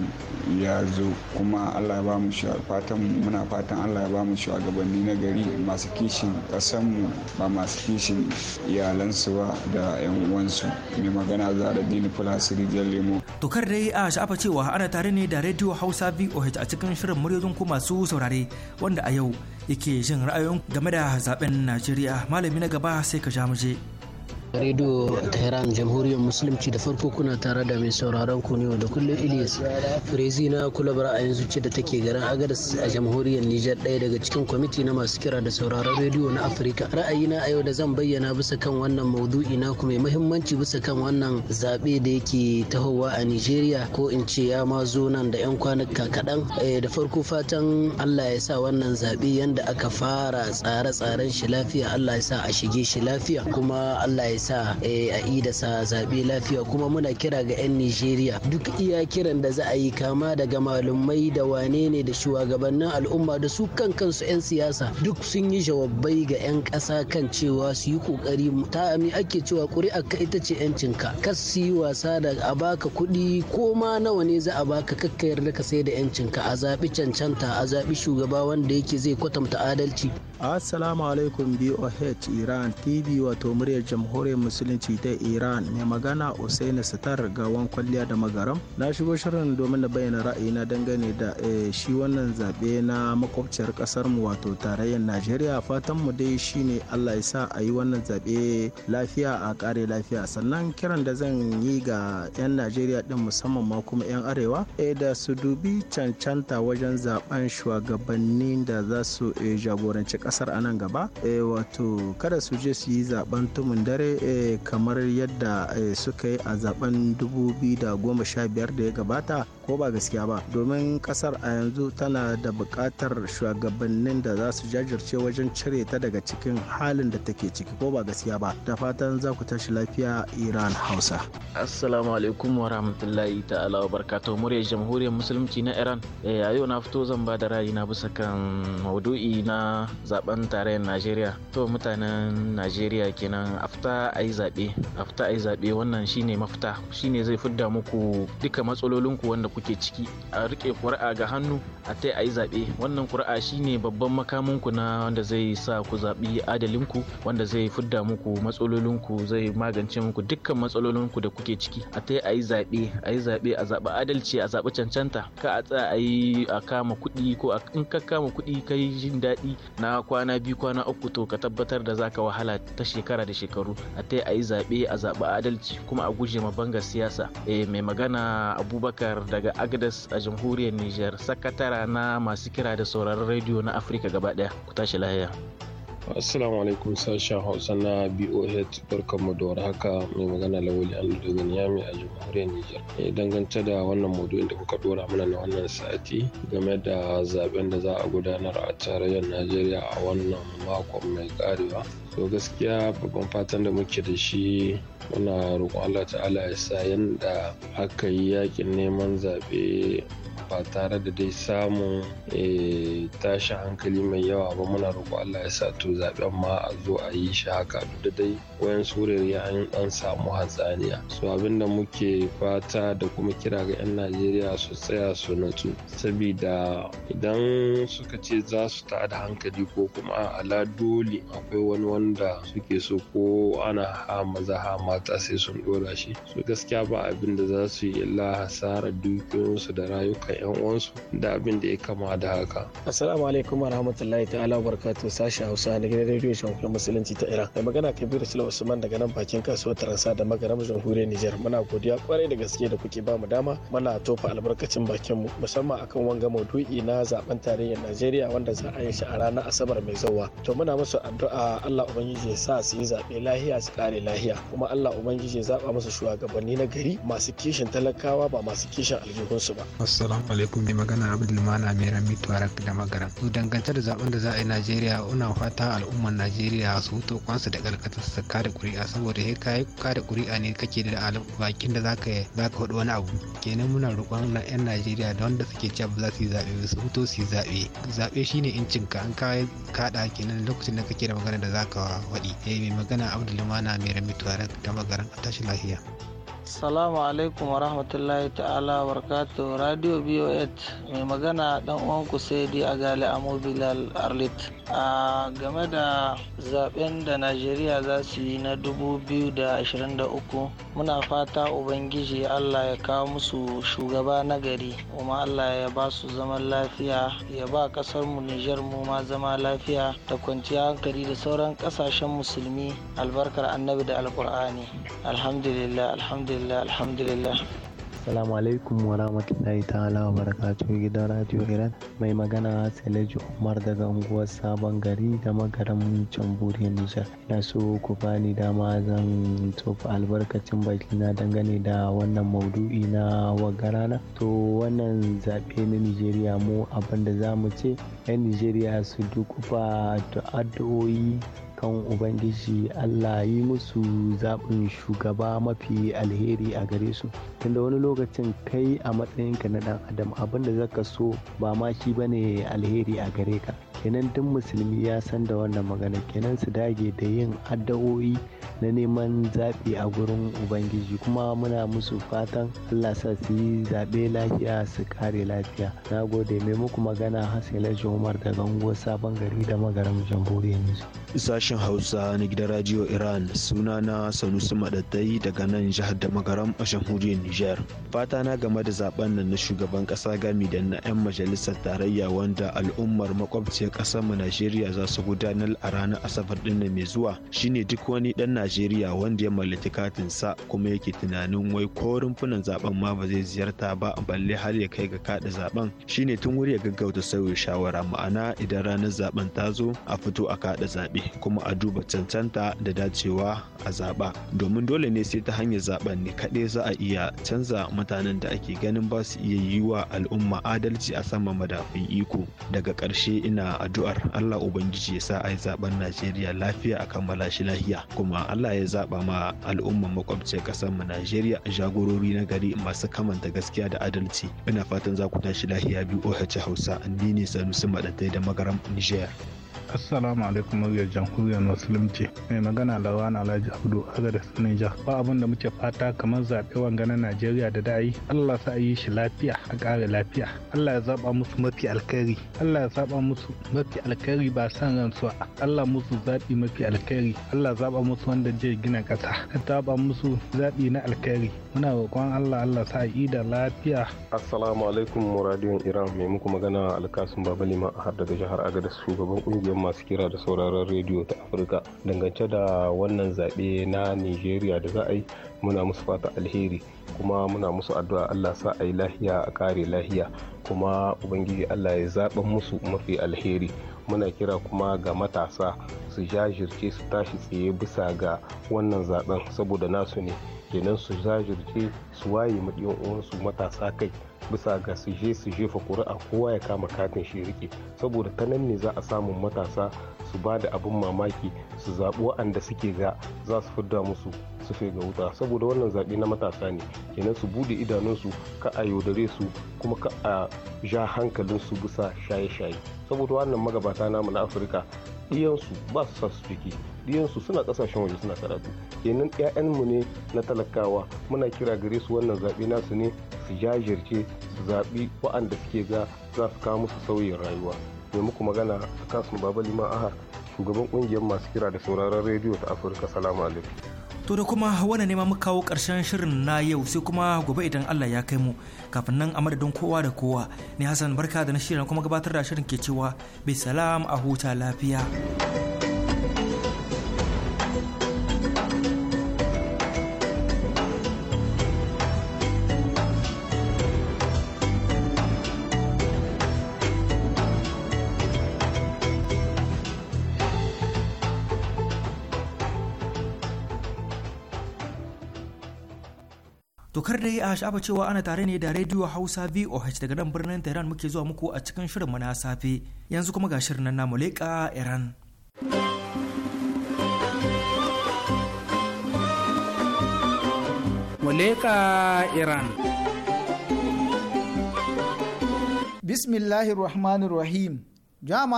ya zo kuma allah ya ba mu fatan muna fatan allah ya ba mu shugabanni na gari masu kishin ƙasanmu ba masu kishin iyalansu ba da 'yan uwansu mai magana za da dini fulasiri lemo. Tokar dai a sha'afa cewa ana tare ne da Radio Hausa VOH a cikin shirin muryoyin ku masu saurare wanda a yau yake jin ra'ayoyin game da zaben Najeriya malami na gaba sai ka ja muje. radio tehran jamhuriyar musulunci da farko kuna tare da mai sauraron ku ne da kullum ilyas firezi na kulabar a yanzu ce da take garin agadas a jamhuriyar nijar ɗaya daga cikin kwamiti na masu kira da sauraron radio na afirka ra'ayina a yau da zan bayyana bisa kan wannan maudu'i na ku mai muhimmanci bisa kan wannan zaɓe da yake tahowa a nigeria ko in ce ya ma zo nan da 'yan kwanuka kaɗan eh, da farko fatan allah ya sa wannan zaɓe yanda aka fara tsare-tsaren shi lafiya allah ya sa a shige shi lafiya kuma allah ya sa a idasa zaɓe lafiya kuma muna kira ga 'yan Nijeriya duk iya kiran da za a yi kama daga malumai da wane ne da shugabannin al'umma da su kan kansu 'yan siyasa duk sun yi jawabai ga 'yan ƙasa kan cewa su yi ƙoƙari ta ami ake cewa ƙuri'a ka ita ce 'yancinka kas su yi wasa da a baka kuɗi ko ma nawa ne za a baka kakka yarda ka sai da 'yancinka a zaɓi cancanta a zaɓi shugaba wanda yake zai kwatanta adalci. Assalamu alaikum BOH Iran TV wato muryar jamhuriyar jamhuriyar musulunci ta iran mai magana usaini sitar gawan kwalliya da magaram na shigo shirin domin na bayyana ra'ayina dangane da eh, shi wannan zaɓe na makwabciyar ƙasar mu wato tarayyar najeriya fatan mu dai shine allah ya sa a yi wannan zaɓe lafiya a ƙare lafiya sannan kiran da zan yi ga 'yan najeriya din musamman ma kuma 'yan arewa e da su dubi cancanta wajen zaben shugabannin da za su eh, jagoranci ƙasar a nan gaba wato kada su je su yi zaben tumun dare Eh, kamar yadda eh, suka yi a zaben 2015 da ya gabata ko ba gaskiya ba domin kasar a yanzu tana da bukatar shugabannin da za su jajirce wajen cire ta daga cikin halin da take ciki ko ba gaskiya ba da fatan za ku tashi lafiya iran hausa assalamu alaikum wa rahmatullahi ta'ala wa barkatu murya jamhuriyar musulunci na iran eh, a yau na fito zan ba da rayu na bisa kan maudu'i na zaben tarayyar najeriya to mutanen najeriya kenan afta a yi zaɓe afta a yi zaɓe wannan shine mafita shine zai fidda muku duka matsalolinku wanda kuke ciki a rike kuri'a ga hannu a tai a yi zaɓe wannan kuri'a shine babban makamanku na wanda zai sa ku zaɓi adalinku wanda zai fidda muku matsalolinku zai magance muku dukkan matsalolinku da kuke ciki a tai a yi zaɓe a yi zaɓe a zaɓi adalci a zaɓi cancanta ka a tsaya a yi a kama kuɗi ko in ka kama kuɗi ka yi jin daɗi na kwana biyu kwana uku to ka tabbatar da zaka wahala ta shekara da shekaru a tai a yi zaɓe a zaɓi adalci kuma a guje ma banga siyasa eh, mai magana abubakar daga daga Agdas a jamhuriyar Nijar, sakatara na masu kira da sauraron rediyo na Afirka gaba ɗaya. Ku tashi lahiya. Assalamu alaikum sashen Hausa na BOH mu da haka mai magana Lawali Andu daga Niyami a jamhuriyar niger ya eh, danganta da wannan modu da kuka dora mana na wannan sati game da zaben da za a gudanar a tarayyar Najeriya a wannan makon mai karewa. to gaskiya babban fatan da muke da shi muna roƙon allah ta'ala ya sa yadda aka yi yakin neman zaɓe ba tare da dai samun eh, tashin hankali mai yawa ba muna roƙo Allah ya sa to zaɓen ma a zo a yi shi haka da dai wayan surere an dan samu hatsaniya so abinda muke fata da kuma kira ga 'yan Najeriya su tsaya su natsu sabida idan suka ce za su ta da hankali ko kuma ala dole akwai wani wanda suke so ko ana ha maza ha mata sai sun dora shi su gaskiya ba abin da za su yi illa hasara dukiyoyinsu da rayuka yan uwansu da abin da ya kama da haka assalamu alaikum wa rahmatullahi ta'ala barakatuh sashi hausa na gidan rediyo shamkul musulunci ta iran da magana kabir sula usman daga nan bakin kasuwar taransa da magaram jamhuriyar nijar muna godiya kwarai da gaske da kuke ba mu dama muna tofa albarkacin bakin mu musamman akan wanga maudu'i na zaben tarayyar najeriya wanda za a yi shi a ranar asabar mai zauwa to muna musu addu'a allah ubangiji ya sa su yi zaɓe lahiya su kare lahiya kuma allah ubangiji ya zaɓa musu shugabanni na gari masu kishin talakawa ba masu kishin aljihunsu ba assalamu alaikum mai magana abdulmana mai rami tuwarak da magana to dangance da zaben da za a yi najeriya una fata al'ummar najeriya su huto kwansu da karkata su kare kuri'a saboda sai ka kare kuri'a ne kake da bakin da zaka zaka faɗi wani abu kenan muna roƙon na 'yan najeriya da wanda suke cewa ba za su yi zaɓe su huto su yi zaɓe zaɓe shine incin ka an ka kaɗa kenan lokacin da kake da magana da zaka ka waɗi. yi eh, mai magana Abdul Lumana mai rami ta da magaran a tashi lahiya. Salamu alaikum wa rahmatullahi ta'ala wa barakatuh. Radio BOH mai magana dan uwan ku sai a gali a Arlit. A game da zaben da Najeriya za su yi na 2023 muna fata Ubangiji Allah ya kawo musu shugaba na gari kuma Allah ya ba su zaman lafiya ya ba kasar mu Nijar mu ma zama lafiya da kwanciya hankali da sauran kasashen musulmi albarkar annabi da alkur'ani alhamdulillah alhamdulillah alhamdulillah alhamdulillah salamu alaikum wa rahmatullahi ta'ala wa barakatuh gidan Radio Iran mai magana salaju Umar daga unguwar Sabon Gari da magaran buri Nijar. na so ku bani dama zan tofa albarkacin baki na dangane da wannan maudu'i na wagarana. To wannan zaɓe na Nijeriya mu abinda za mu ce 'yan Nijeriya su dukufa da addu'o'i kan ubangiji allah yi musu zaɓin shugaba mafi alheri a gare su tunda wani lokacin kai a matsayinka na ɗan adam abin da zaka so ba ma shi ba ne alheri a gare ka kenan duk musulmi ya san da wannan magana kenan su dage da yin addu'o'i na neman zaɓi a gurin ubangiji kuma muna musu fatan allah sa su yi zaɓe lafiya su kare lafiya na gode mai muku magana hasila umar daga unguwar sabon gari da magaram jamhuriyar nijar sashen hausa na gidan radio iran suna na sanusi madaddai daga nan jihar da magaram a jamhuriyar niger fata na game da zaben nan na shugaban kasa gami da na 'yan majalisar tarayya wanda al'ummar makwabciyar kasar mu najeriya za su gudanar a ranar asabar ɗin mai zuwa shine duk wani ɗan najeriya wanda ya mallaki katin sa kuma yake tunanin wai ko rumfunan zaben ma ba zai ziyarta ba balle har ya kai ga kaɗa zaben shine tun wuri ya gaggauta sauya shawara ma'ana idan ranar zaben ta zo a fito a kaɗa zaɓe kuma kuma a duba cancanta da dacewa a zaɓa domin dole ne sai ta hanyar zaɓen ne kaɗai za a iya canza mutanen da ake ganin ba su iya yi wa al'umma adalci a sama madafin iko daga karshe ina addu'ar allah ubangiji ya sa a yi zaɓen najeriya lafiya a kammala shi lahiya kuma allah ya zaɓa ma al'umman makwabciyar ƙasar mu najeriya jagorori na gari masu kamanta gaskiya da adalci ina fatan za ku tashi lahiya biyu oha hausa ni ne sanusi maɗatai da magaram niger assalamu alaikum muryar jamhuriyar musulunci mai magana lawan alhaji abdu agada niger ba abin da muke fata kamar zaɓe wangana najeriya da da'ayi allah sa yi shi lafiya a ƙara lafiya allah ya zaɓa musu mafi alkhairi allah ya zaɓa musu mafi alkhairi ba san ransu allah musu zaɓi mafi alkhairi allah ya zaɓa musu wanda zai gina ƙasa ya zaɓa musu zaɓi na alkhairi muna roƙon allah allah sa yi da lafiya assalamu alaikum radiyon iran mai muku magana alkasun babalima har daga jihar agadas shugaban ƙungiyar ƙungiyoyin masu kira da sauraron rediyo ta afirka dangance da wannan zaɓe na nigeria da za a yi muna musu fata alheri kuma muna musu addu'a Allah sa a yi lahiya a kare lahiya kuma ubangiji Allah ya zaɓa musu mafi alheri muna kira kuma ga matasa su jajirce su tashi tsaye bisa ga wannan zaɓen saboda nasu ne kenan su jajirce su waye maɗiyan uwansu matasa kai bisa ga su je su jefa ƙuri'a kowa ya kama katin shi rike saboda ta nan ne za a samu matasa su ba da abin mamaki su zaɓi waɗanda suke ga za su fidda musu su ga wuta saboda wannan zaɓe na matasa ne kenan su bude idanunsu ka a yaudare su kuma ka a ja hankalinsu bisa shaye-shaye saboda wannan magabata namu na afirka ɗiyansu ba su sa su ciki ɗiyansu suna ƙasashen waje suna karatu kenan ƴaƴanmu ne na talakawa muna kira gare su wannan zaɓe nasu ne su jajirce su zaɓi waɗanda suke ga za su kawo musu sauyin rayuwa mai muku magana a kasu baba liman aha shugaban ƙungiyar masu kira da sauraron rediyo ta afirka salamu alaikum To da kuma wani nema muka kawo ƙarshen shirin na yau sai kuma gobe idan Allah ya kai mu kafin nan a madadin kowa da kowa ne Hassan barka da na shirin kuma gabatar da shirin ke cewa bai salam a huta lafiya. kar da a sha'afa cewa ana tare ne da Radio Hausa VOH daga nan birnin Tehran muke zuwa muku a cikin shirin na safe. Yanzu kuma ga shirin nan namu Iran. Muleka Iran. Bismillahir Rahmanir Rahim.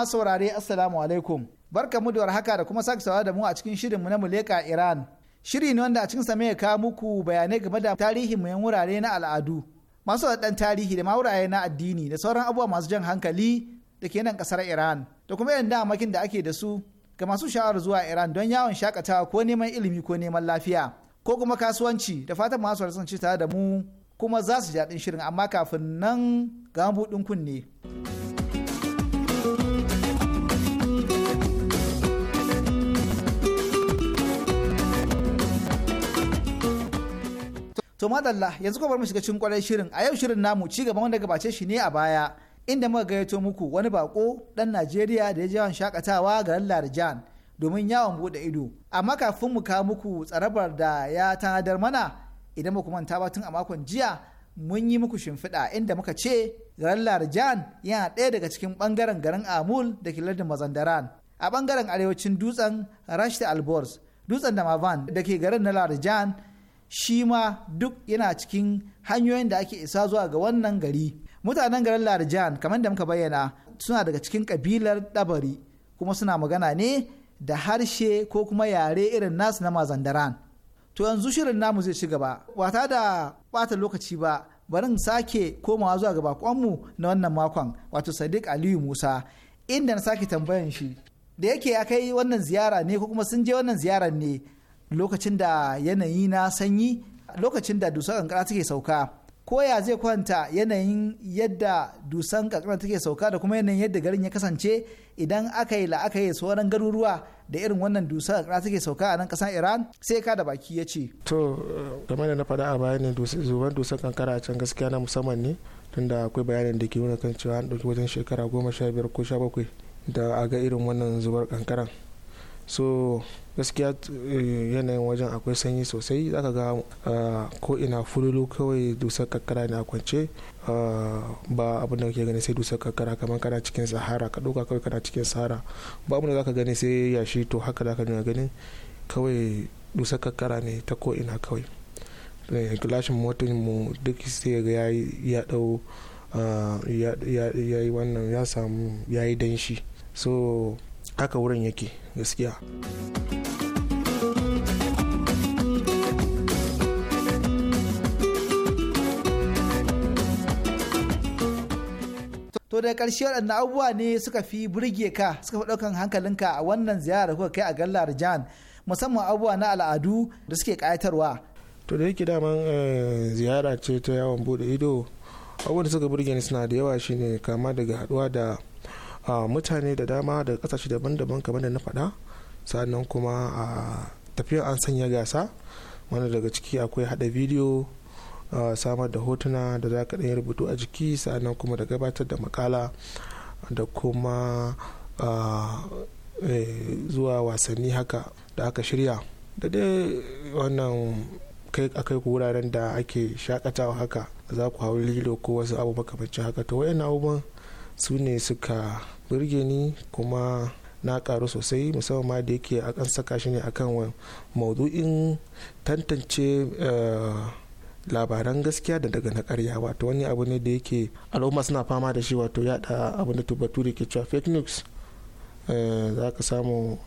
saurare Assalamu alaikum. Barkamu da warhaka da kuma sake da mu a cikin shirin mu na Muleka Iran. shiri ne wanda a cikin mai ka muku bayanai game da tarihin muyan wurare na al'adu masu ɗan tarihi da wurare na addini da sauran abubuwa masu jan hankali da ke nan kasar iran da kuma 'yan damakin da ake da su ga masu sha'awar zuwa iran don yawon shakatawa ko neman ilimi ko neman lafiya ko kuma kasuwanci da fatan masu sun tare da mu kuma za su ji daɗin shirin amma kafin nan ga buɗin kunne. To madalla yanzu kuma bar mu shiga cikin kwarai shirin a yau shirin namu ci gaban wanda gabace shi ne a baya inda muka gayyato muku wani bako dan Najeriya da ya je yawan shakatawa garin Larijan domin yawon bude ido. Amma kafin mu kawo muku tsarabar da ya tanadar mana idan muku manta ba tun a makon jiya mun yi muku shimfiɗa inda muka ce garin Larijan yana ɗaya daga cikin ɓangaren garin Amul da ke lardin Mazandaran. A ɓangaren arewacin dutsen Rashid Albors dutsen da mavan da ke garin na Larijan shi ma duk yana cikin hanyoyin da ake isa zuwa ga wannan gari mutanen garin larjan kamar da muka bayyana suna daga cikin kabilar dabari kuma suna magana ne da harshe ko kuma yare irin nasu na mazandaran to yanzu shirin namu zai ci gaba wata da bata lokaci ba barin sake komawa zuwa ga bakonmu na wannan makon wato sadiq aliyu musa inda na sake tambayan shi da yake ya kai wannan ziyara ne ko kuma sun je wannan ziyarar ne lokacin da yanayi na sanyi lokacin da dusar kankara take sauka koya zai kwanta yanayin yadda dusan kankara take sauka da kuma yanayin yadda garin ya kasance idan aka yi la'akari sauran garuruwa da irin wannan dusar kankara take sauka a nan kasar iran sai ka da baki ya ce to game da na faɗa a bayan ne zuban dusar kankara a can gaskiya na musamman ne tunda akwai bayanin da ke nuna kan cewa an ɗauki wajen shekara goma sha biyar ko sha bakwai da a ga irin wannan zubar kankaran so gaskiya eh, yanayin wajen akwai sanyi sosai zaka ga ah, ko ina fululu kawai dusar kakkara ne a kwance ah, ba abin da kake gani sai dusar kakkara kamar kana cikin sahara ka ɗauka kawai kana cikin sahara ba abin da zaka gani sai yashi to haka zaka dinga gani kawai dusar kakkara ne ta ko ina kawai eh, gilashin motar mu duk sai ga ya dau ah, ya yi wannan ya samu ya yi danshi so haka wurin yake gaskiya to da ƙarshe waɗannan abubuwa ne suka fi burge ka suka fi ɗaukan hankalinka a wannan ziyara kuka kai a gallar jan musamman abubuwa na al'adu da suke ƙayatarwa to da yake daman eh, ziyara ce ta yawon bude ido abubuwan da suka burge ni suna da yawa shine kama daga haɗuwa da a mutane da dama da kasashe daban-daban kamar da na faɗa sannan kuma a tafiyar an sanya gasa wanda daga ciki akwai hada bidiyo samar da hotuna da za ka ɗaya rubutu a jiki sannan kuma da gabatar da makala da kuma e, zuwa wasanni haka da aka shirya da dai wannan kai akai ku wuraren da ake shakatawa haka za ku hau lilo ko wasu abu makamancin haka to wayan abubuwan su ne suka birge ni kuma na karu sosai musamman ma da yake kan saka shi ne akan maudu'in tantance eh, labaran gaskiya da daga na karya wato wani abu ne da yake al'umma suna fama da shi wato yada abu da da ke cewa fake news eh, za ka samu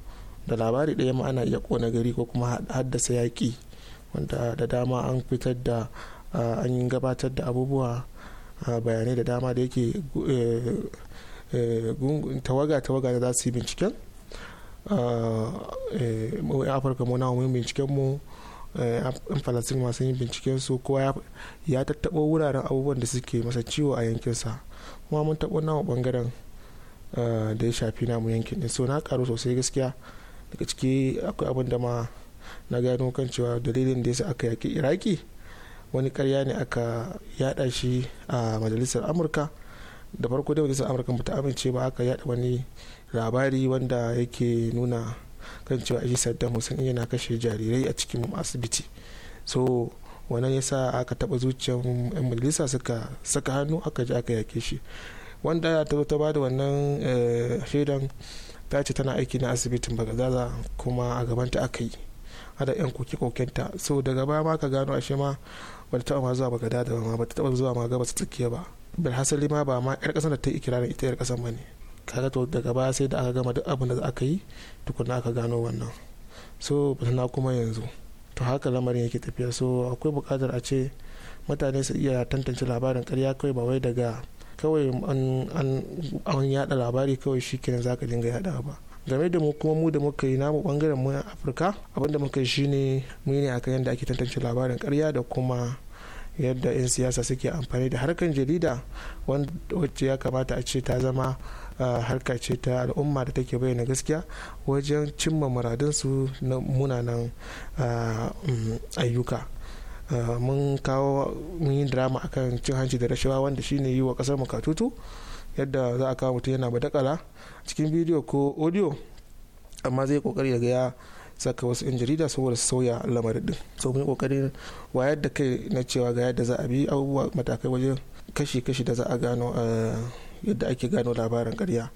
da labari ɗaya ma ana iya kona gari ko kuma haddasa yaƙi wanda da dama an fitar da eh, an gabatar da abubuwa bayanai da dama da yake tawaga-tawaga eh, da za su yi binciken ah, eh, yan afirka mu na mun binciken mu eh, yan falasin masu yin binciken su kowa ya tattabo wuraren abubuwan da suke masa ciwo a yankinsa kuma mun taɓo nawa bangaren ah, da ya shafi namu yankin din so na karu sosai gaskiya daga ciki akwai abin da ma na gano kan cewa dalilin da yasa aka yaƙi iraki wani karya ne aka yaɗa shi a majalisar amurka da farko da majalisar amurka ba ta amince ba aka yada wani labari wanda yake nuna kan cewa da saddam hussein yana kashe jarirai a cikin asibiti so wannan yasa aka taba zuciyar yan majalisa suka saka hannu aka ji aka yake shi wanda ta ta da wannan eh, shaidan ta ce tana aiki na asibitin bagazaza kuma a gabanta aka yi hada yan koke kokenta so daga baya ma ka gano ashe ma bata taba ma zuwa bagadada ba ma taba zuwa ma gabas tsakiya ba bilhassali ma ba ma yar kasar da ta yi ikirarin ita yar kasar bane kaga to daga baya sai da aka gama duk abin da aka yi tukuna aka gano wannan so ba na kuma yanzu to haka lamarin yake tafiya so akwai bukatar a ce mutane su iya tantance labarin karya kawai ba wai daga kawai an yada labari kawai shi kenan zaka dinga yada ba game da mu kuma mu da muka yi namu bangaren mu afirka abinda muka yi shine mu ne akan yadda ake tantance labarin karya da kuma yadda 'yan siyasa suke amfani da harkar jarida wacce ya kamata a ce ta zama harka ce ta al'umma da take bayyana gaskiya wajen cimma muradinsu na munanan mm, ayyuka mun kawo mun yi drama akan cin hanci da rashawa wanda shine yi wa kasar makatutu yadda za a kawo mutum yana badakala cikin bidiyo ko audio amma zai kokari ya ga saka wasu 'yan jarida saboda su sauya lamarin din so mun kokarin wayar da kai na cewa ga yadda za a bi abubuwa matakai wajen kashi-kashi da za a gano eh, yadda ake gano labarin karya.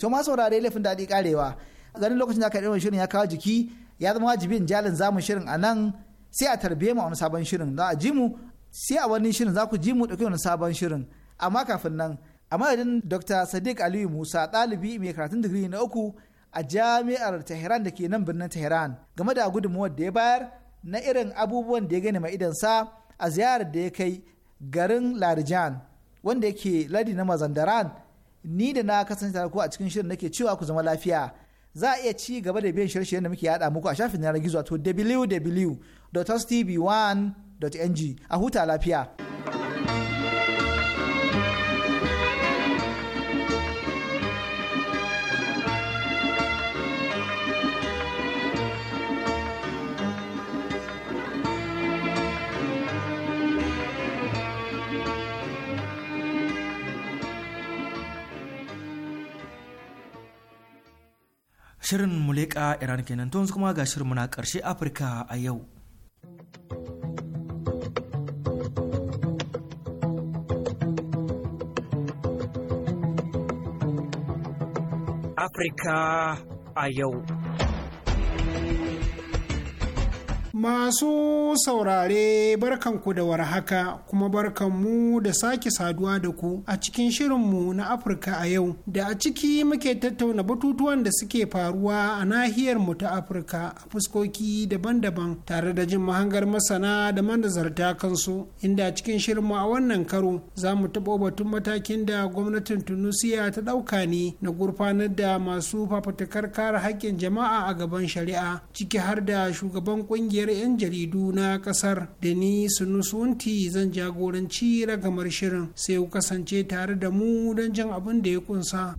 to ma saurare laifin daɗi karewa ganin lokacin da aka ɗaya shirin ya kawo jiki ya zama wajibin jalin zamu shirin a nan sai a tarbe mu a wani sabon shirin don a ji mu sai a wani shirin za ku ji mu ɗauki wani sabon shirin amma kafin nan a madadin dr sadiq aliyu musa ɗalibi mai karatun digiri na uku a jami'ar tehran da ke nan birnin tehran game da gudunmuwar da ya bayar na irin abubuwan da ya gani mai idansa a ziyarar da ya kai garin larijan wanda yake ladi na mazandaran ni da na kasance ku a cikin shirin nake cewa ku zama lafiya za a iya ci gaba da biyan shirye-shiryen da muke yada muku a shafin yanar gizo to www.tv1 ng a huta lafiya. Shirin Muleka Iran kenan tun kuma ga shirin muna ƙarshe Afirka a yau. Afirka a yau. Masu saurare barkanku da warhaka kuma barkanmu da sake saduwa da ku a cikin shirinmu na Afirka a yau da a ciki muke tattauna batutuwan da suke faruwa a nahiyar mu ta Afirka a fuskoki daban-daban tare da jin mahangar masana da manazarta kansu inda a cikin shirinmu a wannan karo za mu taɓo batun matakin da gwamnatin Tunusiya ta ɗauka ne na gurfanar da masu fafutukar kare haƙƙin jama'a a gaban shari'a ciki har da shugaban ƙungiyar 'yan jaridu na kasar da ni sunusunti zan jagoranci ragamar shirin sai ku kasance tare da mu don jin abin da ya kunsa.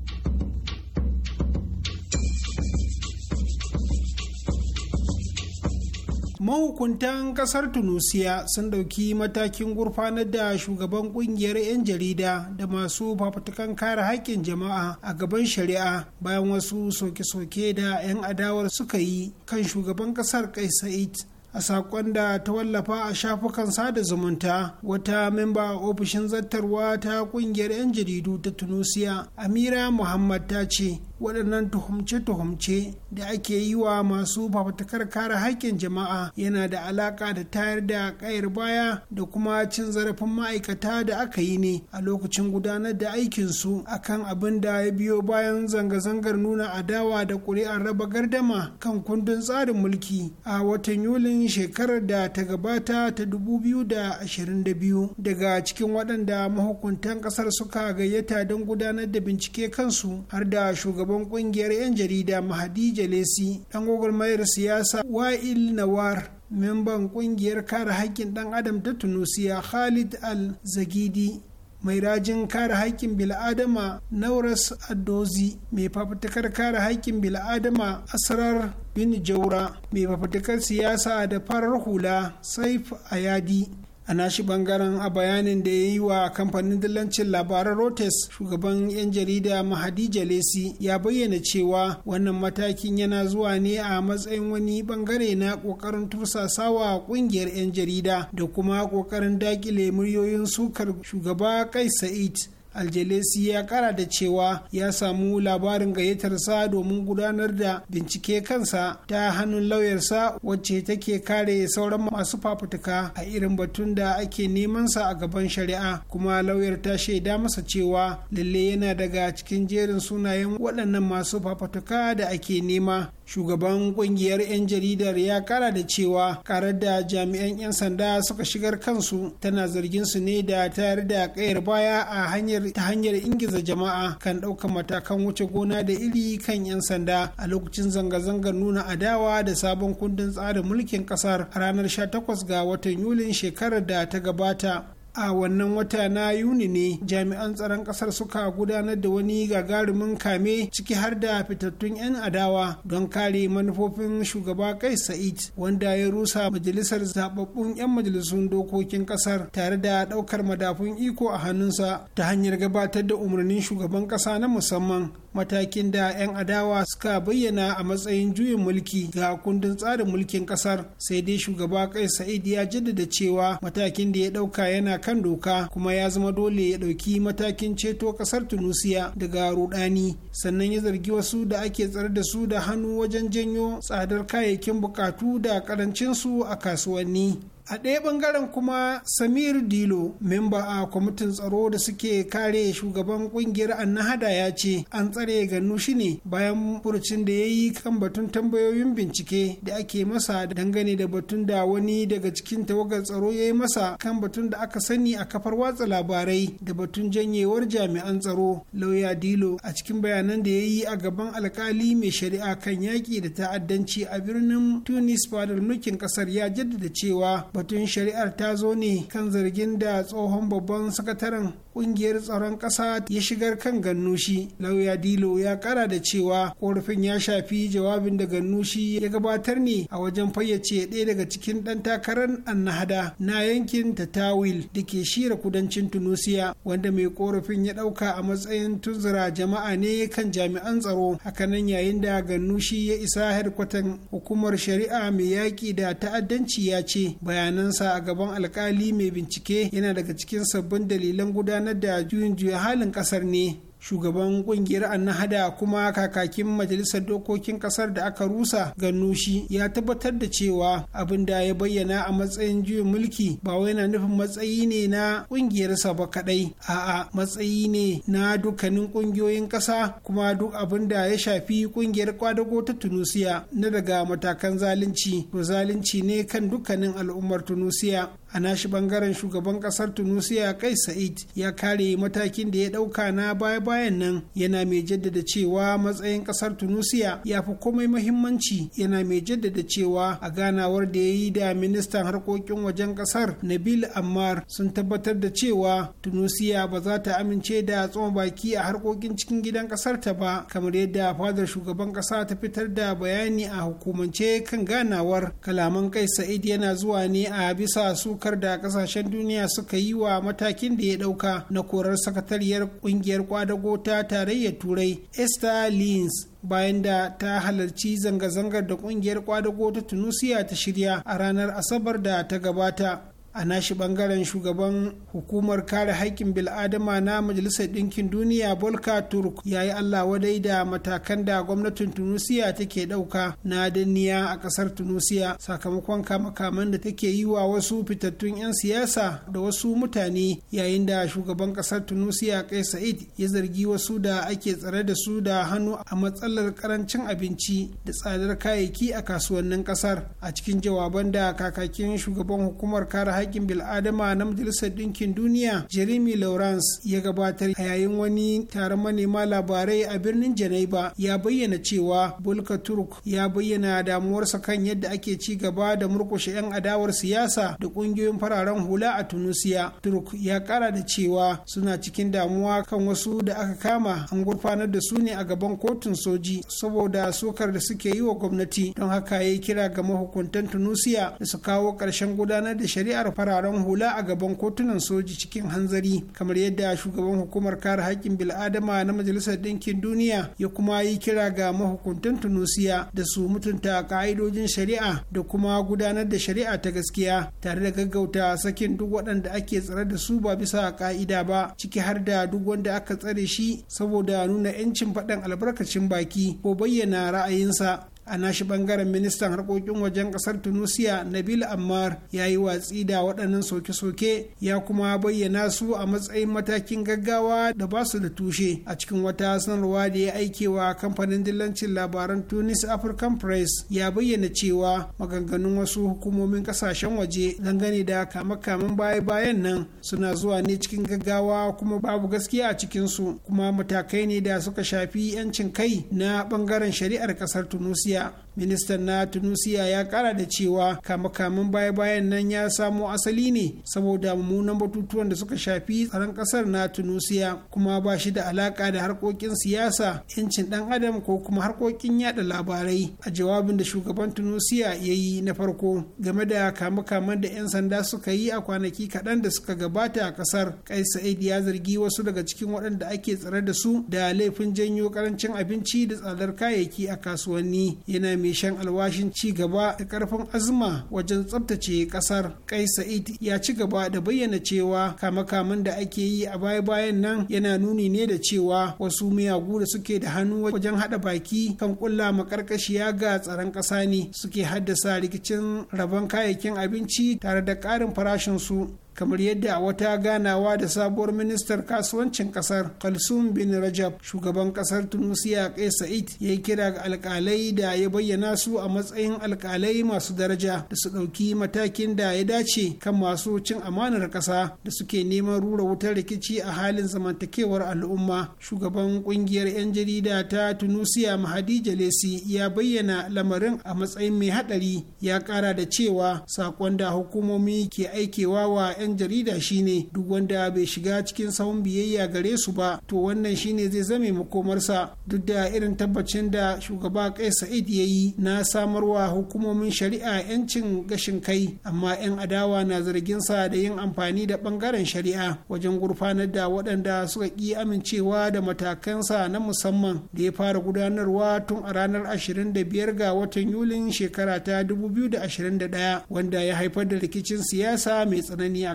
mahukuntan kasar tunisia sun ɗauki matakin gurfanar da shugaban kungiyar 'yan jarida da masu fafutukan kare haƙƙin jama'a a gaban shari'a bayan wasu soke-soke da 'yan adawar suka yi kan shugaban kasar kai sa'id a sakon da ta wallafa a shafukan sada zumunta wata memba ofishin zartarwa ta kungiyar 'yan jaridu ta tunisia amira muhammad ta ce waɗannan tuhumce-tuhumce da ake yi wa masu fafatakar kare haƙƙin jama'a yana da alaƙa da tayar da ƙayar baya da kuma cin zarafin ma'aikata da aka yi ne a lokacin gudanar da aikinsu akan abin da ya biyo bayan zanga-zangar nuna adawa da ƙuri'ar raba gardama kan kundin tsarin mulki a watan yulin cikin shekarar da ta gabata ta 2022 daga cikin waɗanda mahukuntan ƙasar suka gayyata don gudanar da bincike kansu har da shugaban ƙungiyar 'yan jarida mahadi jalesi ɗan gwagwarmayar siyasa wa'il nawar memban ƙungiyar kare haƙƙin ɗan adam ta tunusiya khalid al-zagidi mai rajin kare haƙƙin bil'adama nauras adozi mai fafutukar kare haƙƙin bil'adama asrar bin jaura mai fafutukar siyasa da farar hula saif ayadi a nashi bangaren a bayanin da ya yi wa kamfanin dillancin labaran rotes shugaban 'yan jarida mahadi jalesi ya bayyana cewa wannan matakin yana zuwa ne a matsayin wani bangare na kokarin tursasawa kungiyar 'yan jarida da kuma kokarin dakile muryoyin sukar shugaba kai sa'id aljelesi ya kara da cewa ya samu labarin gayyatarsa domin gudanar da bincike kansa ta hannun lauyarsa wacce take kare sauran masu fafutuka a irin batun da ake sa a gaban shari'a kuma lauyar ta shaida masa cewa lalle yana daga cikin jerin sunayen waɗannan masu fafutuka da ake nema shugaban kungiyar 'yan jaridar ya kara da cewa karar da jami'an 'yan sanda suka shigar kansu tana zargin su ne da tayar da kayar baya a hanyar ta hanyar ingiza jama'a kan ɗaukar matakan wuce gona da iri kan 'yan sanda a lokacin zanga-zangar nuna adawa da sabon kundin tsarin mulkin kasar ranar 18 ga watan yulin shekarar da ta gabata a wannan wata na yuni ne jami'an tsaron kasar suka gudanar da wani gagarumin kame ciki har da fitattun 'yan adawa don kare manufofin shugaba kai sa'id wanda ya rusa majalisar zababbun 'yan majalisun dokokin kasar tare da daukar madafun iko a hannunsa ta hanyar gabatar da umarnin shugaban kasa na musamman matakin da 'yan adawa suka bayyana a matsayin juyin mulki ga kundin tsarin mulkin kasar sai dai shugaba kai sa'id ya jaddada cewa matakin da ya dauka yana kan doka kuma ya zama dole ya ɗauki matakin ceto ƙasar tunisia daga rudani sannan ya zargi wasu da ake tsare da su da hannu wajen janyo tsadar kayayyakin bukatu da karancinsu a kasuwanni a ɗaya ɓangaren kuma samir dilo memba a kwamitin tsaro da suke kare shugaban ƙungiyar annahada ya ce an tsare shi ne bayan furucin da ya yi kan batun tambayoyin bincike da ake masa dangane da batun da wani daga cikin tawagar tsaro ya yi masa kan batun da aka sani a kafar watsa labarai da batun janyewar jami'an tsaro lauya dilo a cikin bayanan da ya yi a gaban alkali mai shari'a kan yaƙi da ta'addanci a birnin tunis fadar mulkin ƙasar ya jaddada cewa batun shari'ar ta zo ne kan zargin da tsohon babban sakataren kungiyar tsaron ƙasa ya shigar kan gannushi lauya dilo ya kara da cewa korafin ya shafi jawabin da gannushi ya gabatar ne a wajen fayyace ɗaya daga cikin ɗan takarar annahada na yankin tatawil da ke shira kudancin tunusiya wanda mai korafin ya ɗauka a matsayin tunzura jama'a ne kan jami'an tsaro hakanan yayin da gannushi ya isa harkwatan hukumar shari'a mai yaƙi da ta'addanci ya ce bayanansa a gaban alkali mai bincike yana daga cikin sabbin dalilan gudanar gudanar da juyin juya halin kasar ne shugaban kungiyar annahada kuma kakakin majalisar dokokin kasar da aka rusa ganushi ya tabbatar da cewa abin da ya bayyana a matsayin juyin mulki ba wai na nufin matsayi ne na kungiyarsa ba kadai a'a matsayi ne na dukkanin kungiyoyin kasa kuma duk abin da ya shafi kungiyar kwadago ta tunusiya na daga matakan zalunci to zalunci ne kan dukkanin al'ummar tunusiya a nashi bangaren shugaban kasar tunisia kai sa'id ya kare matakin da ya dauka na baya bayan nan yana mai jaddada cewa matsayin kasar tunisia ya fi komai mahimmanci yana mai jaddada cewa a ganawar da ya yi da ministan harkokin wajen kasar nabil ammar sun tabbatar da cewa tunisia ba za ta amince da tsoma baki a harkokin cikin gidan kasar ta ba kamar yadda fadar shugaban kasa ta fitar da bayani a hukumance kan ganawar kalaman kai sa'id yana zuwa ne a bisa suka dokar da kasashen duniya suka yi wa matakin da ya dauka na korar sakatariyar kungiyar kwadago ta tarayyar turai esther lins bayan da ta halarci zanga-zangar da kungiyar kwadago ta tunusiya ta shirya a ranar asabar da ta gabata a nashi bangaren shugaban hukumar kare haƙƙin bil'adama na majalisar ɗinkin duniya bolka turk ya yi allah wadai da matakan da gwamnatin tunisiya take ɗauka na danniya a ƙasar tunisiya sakamakon kamakaman da take yi wa wasu fitattun 'yan siyasa da wasu mutane yayin da shugaban ƙasar tunisiya kai sa'id ya zargi wasu da ake tsare da su da hannu a matsalar karancin abinci da tsadar kayayyaki a kasuwannin ƙasar a cikin jawaban da kakakin shugaban hukumar kare hakkin bil'adama na majalisar ɗinkin duniya jeremy lawrence ya gabatar a yayin wani taron manema labarai a birnin janaiba ya bayyana cewa bulka turk ya bayyana damuwarsa kan yadda ake ci gaba da murkushe 'yan adawar siyasa da ƙungiyoyin fararen hula a tunisia turk ya ƙara da cewa suna cikin damuwa kan wasu da aka kama an gurfanar da su ne a gaban kotun soji saboda sukar da suke yi wa gwamnati don haka ya yi kira ga mahukuntan tunisia da su kawo ƙarshen gudanar da shari'ar fararen hula a gaban kotunan soji cikin hanzari kamar yadda shugaban hukumar kare haƙƙin bil'adama na majalisar ɗinkin duniya ya kuma yi kira ga mahukuntan tunusiya da su mutunta ƙa'idojin shari'a da kuma gudanar da shari'a ta gaskiya tare da gaggauta sakin duk waɗanda ake tsare da su ba bisa ƙa'ida ba ciki har da duk wanda aka tsare shi saboda nuna 'yancin faɗin albarkacin baki ko bayyana ra'ayinsa a nashi bangaren ministan harkokin wajen kasar tunisia nabil ammar ya yi watsi da waɗannan soke-soke ya kuma bayyana su a matsayin matakin gaggawa da ba su da tushe a cikin wata sanarwa da ya aikewa kamfanin dillancin labaran tunis african press ya bayyana cewa maganganun wasu hukumomin kasashen waje dangane da kame baya-bayan nan suna zuwa ne cikin gaggawa kuma babu gaskiya a cikin su kuma matakai ne da suka shafi 'yancin kai na bangaren shari'ar kasar tunisia yeah ministan na tunisia ya kara da cewa kamakamin baya-bayan nan ya samo asali ne saboda mummunan batutuwan da suka shafi tsaron kasar na tunisia kuma ba shi da alaka da harkokin siyasa yancin dan adam ko kuma harkokin yada labarai a jawabin da shugaban tunisia ya yi na farko game da kamakaman da 'yan sanda suka yi a kwanaki kaɗan da suka gabata a kasar kai sa'id ya zargi wasu daga cikin waɗanda ake tsare da su da laifin janyo karancin abinci da tsadar kayayyaki a kasuwanni yana mai shan alwashin ci gaba da karfin azuma wajen tsabtace kasar kai sa'id ya ci gaba da bayyana cewa kama da ake yi a baya-bayan nan yana nuni ne da cewa wasu miyagu da suke da hannu wajen hada baki kan kulla makarkashiya ga tsaron kasa ne suke haddasa rikicin rabon kayayyakin abinci tare da karin farashin su kamar yadda a wata ganawa da sabuwar ministar kasuwancin kasar kalsum bin rajab shugaban kasar tunisia kai sa'id ya yi kira ga alkalai da ya bayyana su a matsayin alkalai masu daraja da su ɗauki matakin da ya dace kan masu cin amanar ƙasa da suke neman rura wutar rikici a halin zamantakewar al'umma shugaban ƙungiyar 'yan jarida ta tunisia mahadi jalesi ya bayyana lamarin a matsayin mai haɗari ya ƙara da cewa saƙon da hukumomi ke aikewa wa 'yan jarida shine duk wanda bai shiga cikin sahun biyayya gare su ba to wannan shine zai zame makomarsa duk da irin tabbacin da shugaba kai sa'id ya yi na samarwa hukumomin shari'a 'yancin gashin kai amma 'yan adawa na zargin sa da yin amfani da bangaren shari'a wajen gurfanar da waɗanda suka ƙi amincewa da matakansa na musamman da ya fara gudanarwa tun a ranar 25 ga watan yulin shekara ta 2021 wanda ya haifar da rikicin siyasa mai tsanani a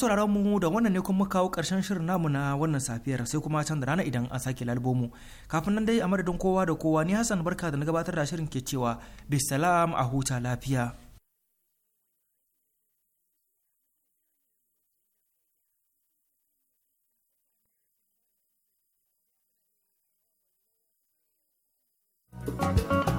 masu mu da wannan ne kuma kawo karshen shirin namu na wannan safiyar sai kuma can da rana idan an sake lalbo mu kafin nan dai a madadin kowa da kowa ni hassan barka da na gabatar da shirin ke cewa bisalam a huta lafiya thank you